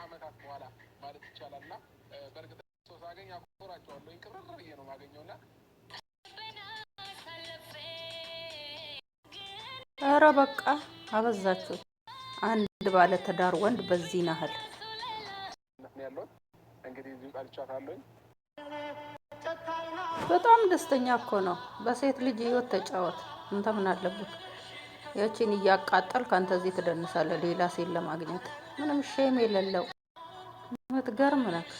ከአመታት በኋላ ማለት ይቻላል እና በእርግጥ ሰው ሳገኝ አኮራቸዋለሁ። ቅብርር ብዬ ነው ማገኘው እና ኧረ በቃ አበዛችሁት። አንድ ባለ ትዳር ወንድ በዚህ ናህል ያለሁት እንግዲህ እዚሁ ጠልቻታለሁኝ። በጣም ደስተኛ እኮ ነው። በሴት ልጅ ህይወት ተጫወት። እንተ ምን አለበት? ያቺን እያቃጠል አንተ እዚህ ትደንሳለ። ሌላ ሴት ለማግኘት ምንም ሼም የሌለው ምትገርም ነህ።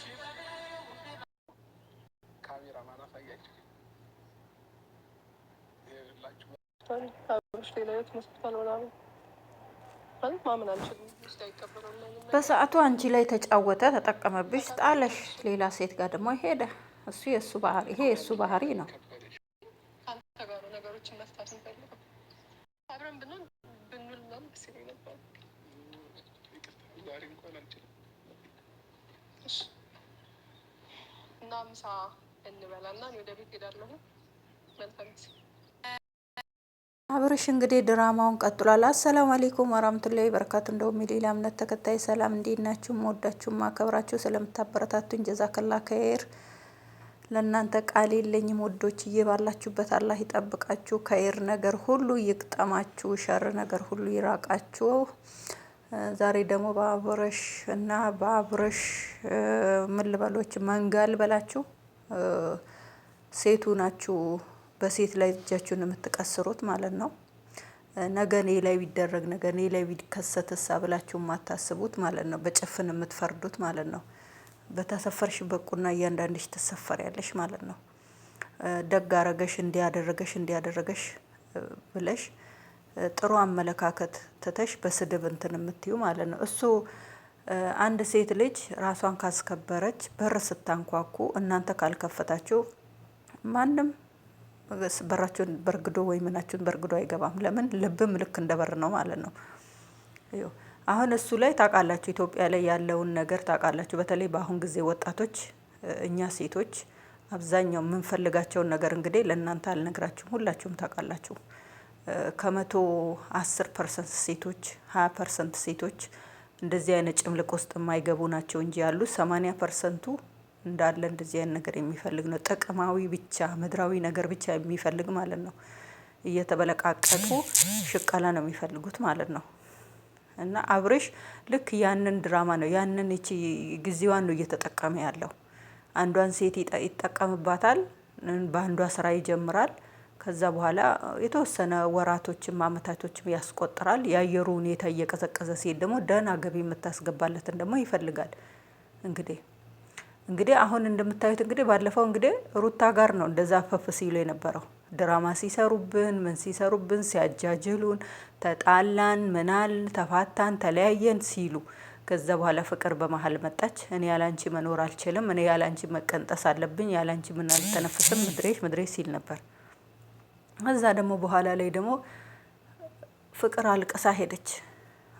በሰዓቱ አንቺ ላይ ተጫወተ፣ ተጠቀመብሽ፣ ጣለሽ። ሌላ ሴት ጋር ደግሞ ሄደ። እሱ የእሱ ባህሪ ይሄ የእሱ ባህሪ ነው። ስለነባ ዛሬ እንኳን አልችልም እና ምሳ እንበላ እና ወደ ቤት ሄዳለሁ። መልካም ጊዜ። አብርሽ እንግዲህ ድራማውን ቀጥሏል። አሰላሙ አሌይኩም ወራህመቱላሂ በረካቱ። እንደውም የሌላ እምነት ተከታይ ሰላም እንዴት ናችሁ? መወዳችሁ ማከብራችሁ ስለምታበረታቱኝ ጀዛከላ ከይር ለእናንተ ቃል የለኝም ውዶች፣ እየባላችሁበት አላህ ይጠብቃችሁ። ከይር ነገር ሁሉ ይቅጠማችሁ፣ ሸር ነገር ሁሉ ይራቃችሁ። ዛሬ ደግሞ በአብርሽ እና በአብርሽ ምልበሎች ልበሎች መንጋ ልበላችሁ፣ ሴቱ ናችሁ፣ በሴት ላይ እጃችሁን የምትቀስሩት ማለት ነው። ነገ እኔ ላይ ቢደረግ ነገ እኔ ላይ ቢከሰትሳ ብላችሁ የማታስቡት ማለት ነው። በጭፍን የምትፈርዱት ማለት ነው። በተሰፈርሽ በቁና እያንዳንድሽ ያለሽ ማለት ነው። ደግ አረገሽ እንዲያደረገሽ እንዲያደረገሽ ብለሽ ጥሩ አመለካከት ትተሽ በስድብ እንትን የምትዩ ማለት ነው። እሱ አንድ ሴት ልጅ ራሷን ካስከበረች በር ስታንኳኩ እናንተ ካልከፈታችሁ ማንም በራችሁን በርግዶ ወይ ምናችሁን በርግዶ አይገባም። ለምን ልብም ልክ እንደ በር ነው ማለት ነው። አሁን እሱ ላይ ታውቃላችሁ፣ ኢትዮጵያ ላይ ያለውን ነገር ታውቃላችሁ። በተለይ በአሁን ጊዜ ወጣቶች፣ እኛ ሴቶች አብዛኛው የምንፈልጋቸውን ነገር እንግዲህ ለእናንተ አልነግራችሁም፣ ሁላችሁም ታውቃላችሁ። ከመቶ አስር ፐርሰንት ሴቶች ሀያ ፐርሰንት ሴቶች እንደዚህ አይነት ጭምልቅ ውስጥ የማይገቡ ናቸው እንጂ ያሉ ሰማኒያ ፐርሰንቱ እንዳለ እንደዚህ አይነት ነገር የሚፈልግ ነው። ጥቅማዊ ብቻ ምድራዊ ነገር ብቻ የሚፈልግ ማለት ነው። እየተበለቃቀጡ ሽቀላ ነው የሚፈልጉት ማለት ነው። እና አብሬሽ ልክ ያንን ድራማ ነው ያንን እቺ ጊዜዋን ነው እየተጠቀመ ያለው። አንዷን ሴት ይጠቀምባታል፣ በአንዷ ስራ ይጀምራል። ከዛ በኋላ የተወሰነ ወራቶችም አመታቶችም ያስቆጥራል። የአየሩ ሁኔታ እየቀዘቀዘ ሲሄድ ደግሞ ደህና ገቢ የምታስገባለትን ደግሞ ይፈልጋል። እንግዲህ እንግዲህ አሁን እንደምታዩት እንግዲህ ባለፈው እንግዲህ ሩታ ጋር ነው እንደዛ ፈፍ ሲሉ የነበረው ድራማ ሲሰሩብን ምን ሲሰሩብን ሲያጃጅሉን ተጣላን፣ ምናል፣ ተፋታን፣ ተለያየን ሲሉ ከዛ በኋላ ፍቅር በመሀል መጣች። እኔ ያላንቺ መኖር አልችልም፣ እኔ ያላንቺ መቀንጠስ አለብኝ፣ ያላንቺ ምን አልተነፍስም፣ ምድሬሽ ምድሬሽ ሲል ነበር። እዛ ደግሞ በኋላ ላይ ደግሞ ፍቅር አልቀሳ ሄደች።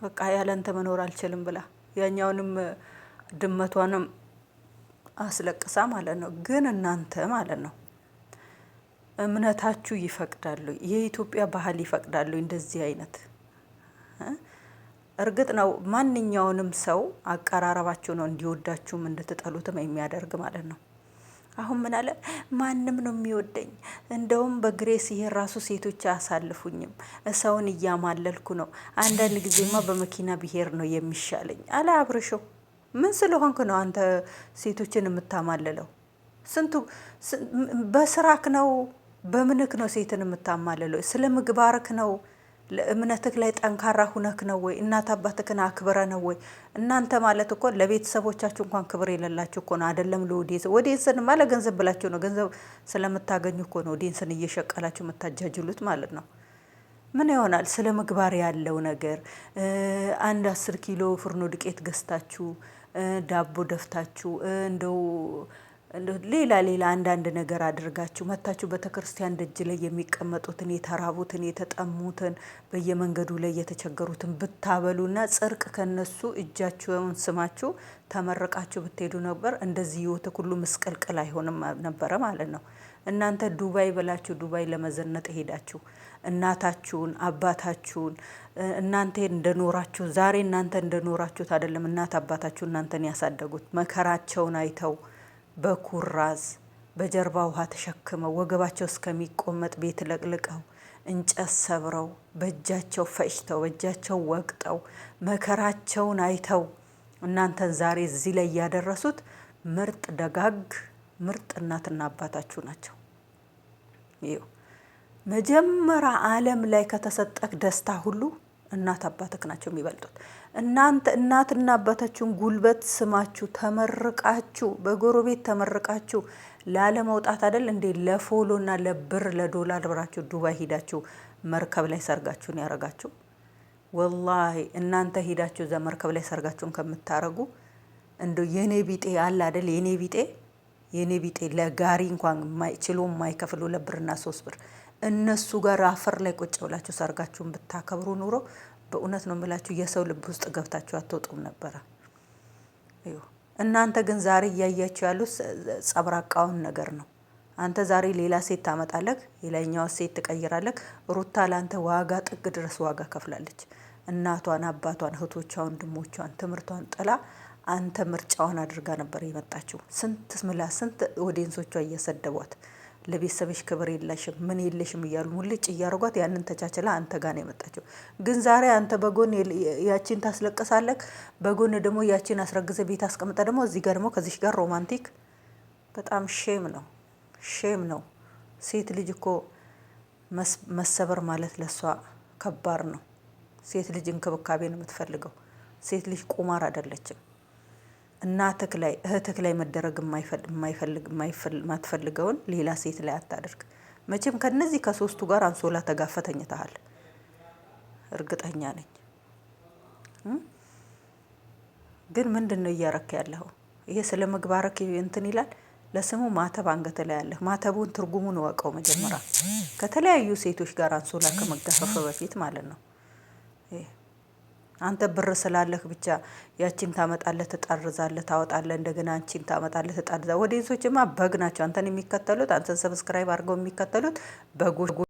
በቃ ያላንተ መኖር አልችልም ብላ ያኛውንም ድመቷንም አስለቅሳ ማለት ነው። ግን እናንተ ማለት ነው እምነታችሁ ይፈቅዳሉ፣ የኢትዮጵያ ባህል ይፈቅዳሉ እንደዚህ አይነት እርግጥ ነው ማንኛውንም ሰው አቀራረባችሁ ነው እንዲወዳችሁም እንድትጠሉትም የሚያደርግ ማለት ነው። አሁን ምን አለ ማንም ነው የሚወደኝ፣ እንደውም በግሬስ ይሄን ራሱ ሴቶች አያሳልፉኝም፣ ሰውን እያማለልኩ ነው። አንዳንድ ጊዜማ በመኪና ብሄር ነው የሚሻለኝ አለ አብርሾ። ምን ስለሆንክ ነው አንተ ሴቶችን የምታማልለው? ስንቱ በስራክ ነው በምንክ ነው ሴትን የምታማልለው? ስለ ምግባርክ ነው? እምነትክ ላይ ጠንካራ ሁነክ ነው ወይ? እናት አባትክን አክብረ ነው ወይ? እናንተ ማለት እኮ ለቤተሰቦቻችሁ እንኳን ክብር የሌላችሁ እኮ ነው። አደለም ለወዴስ ማለ ገንዘብ ብላችሁ ነው። ገንዘብ ስለምታገኙ እኮ ነው ወዴስን እየሸቀላችሁ የምታጃጅሉት ማለት ነው። ምን ይሆናል? ስለ ምግባር ያለው ነገር አንድ አስር ኪሎ ፍርኖ ዱቄት ገዝታችሁ ዳቦ ደፍታችሁ እንደው ሌላ ሌላ አንዳንድ ነገር አድርጋችሁ መታችሁ ቤተክርስቲያን ደጅ ላይ የሚቀመጡትን የተራቡትን የተጠሙትን በየመንገዱ ላይ የተቸገሩትን ብታበሉና ጽርቅ ከነሱ እጃችሁን ስማችሁ ተመርቃችሁ ብትሄዱ ነበር። እንደዚህ ህይወት ሁሉ ምስቅልቅል አይሆንም ነበረ ማለት ነው። እናንተ ዱባይ ብላችሁ ዱባይ ለመዘነጥ ሄዳችሁ እናታችሁን አባታችሁን እናንተ እንደኖራችሁ ዛሬ እናንተ እንደኖራችሁት አይደለም። እናት አባታችሁ እናንተን ያሳደጉት መከራቸውን አይተው በኩራዝ በጀርባ ውሃ ተሸክመው ወገባቸው እስከሚቆመጥ ቤት ለቅልቀው እንጨት ሰብረው በእጃቸው ፈጭተው በእጃቸው ወቅጠው መከራቸውን አይተው እናንተን ዛሬ እዚህ ላይ ያደረሱት ምርጥ ደጋግ ምርጥ እናትና አባታችሁ ናቸው። ይኸው መጀመሪያ ዓለም ላይ ከተሰጠህ ደስታ ሁሉ እናት አባትህ ናቸው የሚበልጡት። እናንተ እናትና አባታችሁን ጉልበት ስማችሁ ተመርቃችሁ፣ በጎረቤት ተመርቃችሁ ላለመውጣት አደል እንዴ? ለፎሎና ለብር ለዶላር ብራችሁ ዱባይ ሂዳችሁ መርከብ ላይ ሰርጋችሁን ያረጋችሁ። ወላሂ እናንተ ሂዳችሁ እዛ መርከብ ላይ ሰርጋችሁን ከምታረጉ እንደ የኔ ቢጤ አለ አደል? የኔ ቢጤ የኔ ቢጤ ለጋሪ እንኳን ችሎ የማይከፍሉ ለብርና ሶስት ብር እነሱ ጋር አፈር ላይ ቁጭ ብላችሁ ሰርጋችሁን ብታከብሩ ኑሮ በእውነት ነው የምላችሁ የሰው ልብ ውስጥ ገብታችሁ አትወጡም ነበረ። እናንተ ግን ዛሬ እያያችሁ ያሉት ጸብራቃውን ነገር ነው። አንተ ዛሬ ሌላ ሴት ታመጣለህ፣ ሌላኛዋ ሴት ትቀይራለህ። ሩታ ለአንተ ዋጋ ጥግ ድረስ ዋጋ ከፍላለች። እናቷን፣ አባቷን፣ እህቶቿን፣ ወንድሞቿን፣ ትምህርቷን ጥላ አንተ ምርጫዋን አድርጋ ነበር የመጣችው። ስንት ምላ ስንት ኦዲየንሶቿ እየሰደቧት ለቤተሰብሽ ክብር የለሽም ምን የለሽም እያሉ ሙልጭ እያደረጓት ያንን ተቻችላ አንተ ጋር ነው የመጣችው። ግን ዛሬ አንተ በጎን ያቺን ታስለቅሳለክ፣ በጎን ደግሞ ያቺን አስረግዘ ቤት አስቀምጠ ደግሞ እዚህ ጋር ደግሞ ከዚሽ ጋር ሮማንቲክ። በጣም ሼም ነው ሼም ነው። ሴት ልጅ እኮ መሰበር ማለት ለሷ ከባድ ነው። ሴት ልጅ እንክብካቤ ነው የምትፈልገው። ሴት ልጅ ቁማር አይደለችም። እናትህ ላይ እህትህ ላይ መደረግ የማትፈልገውን ሌላ ሴት ላይ አታደርግ። መቼም ከነዚህ ከሶስቱ ጋር አንሶላ ተጋፈ ተኝተሃል፣ እርግጠኛ ነኝ። ግን ምንድን ነው እያረክ ያለው? ይሄ ስለ ምግባረክ እንትን ይላል። ለስሙ ማተብ አንገት ላይ ያለህ ማተቡን ትርጉሙን እወቀው መጀመሪያ። ከተለያዩ ሴቶች ጋር አንሶላ ከመጋፈፍ በፊት ማለት ነው። አንተ ብር ስላለህ ብቻ ያቺን ታመጣለህ፣ ትጠርዛለህ፣ ታወጣለህ፣ እንደገና አንቺን ታመጣለህ፣ ትጠርዛ ወደ ይዞችማ በግ ናቸው አንተን የሚከተሉት አንተን ሰብስክራይብ አድርገው የሚከተሉት በጎች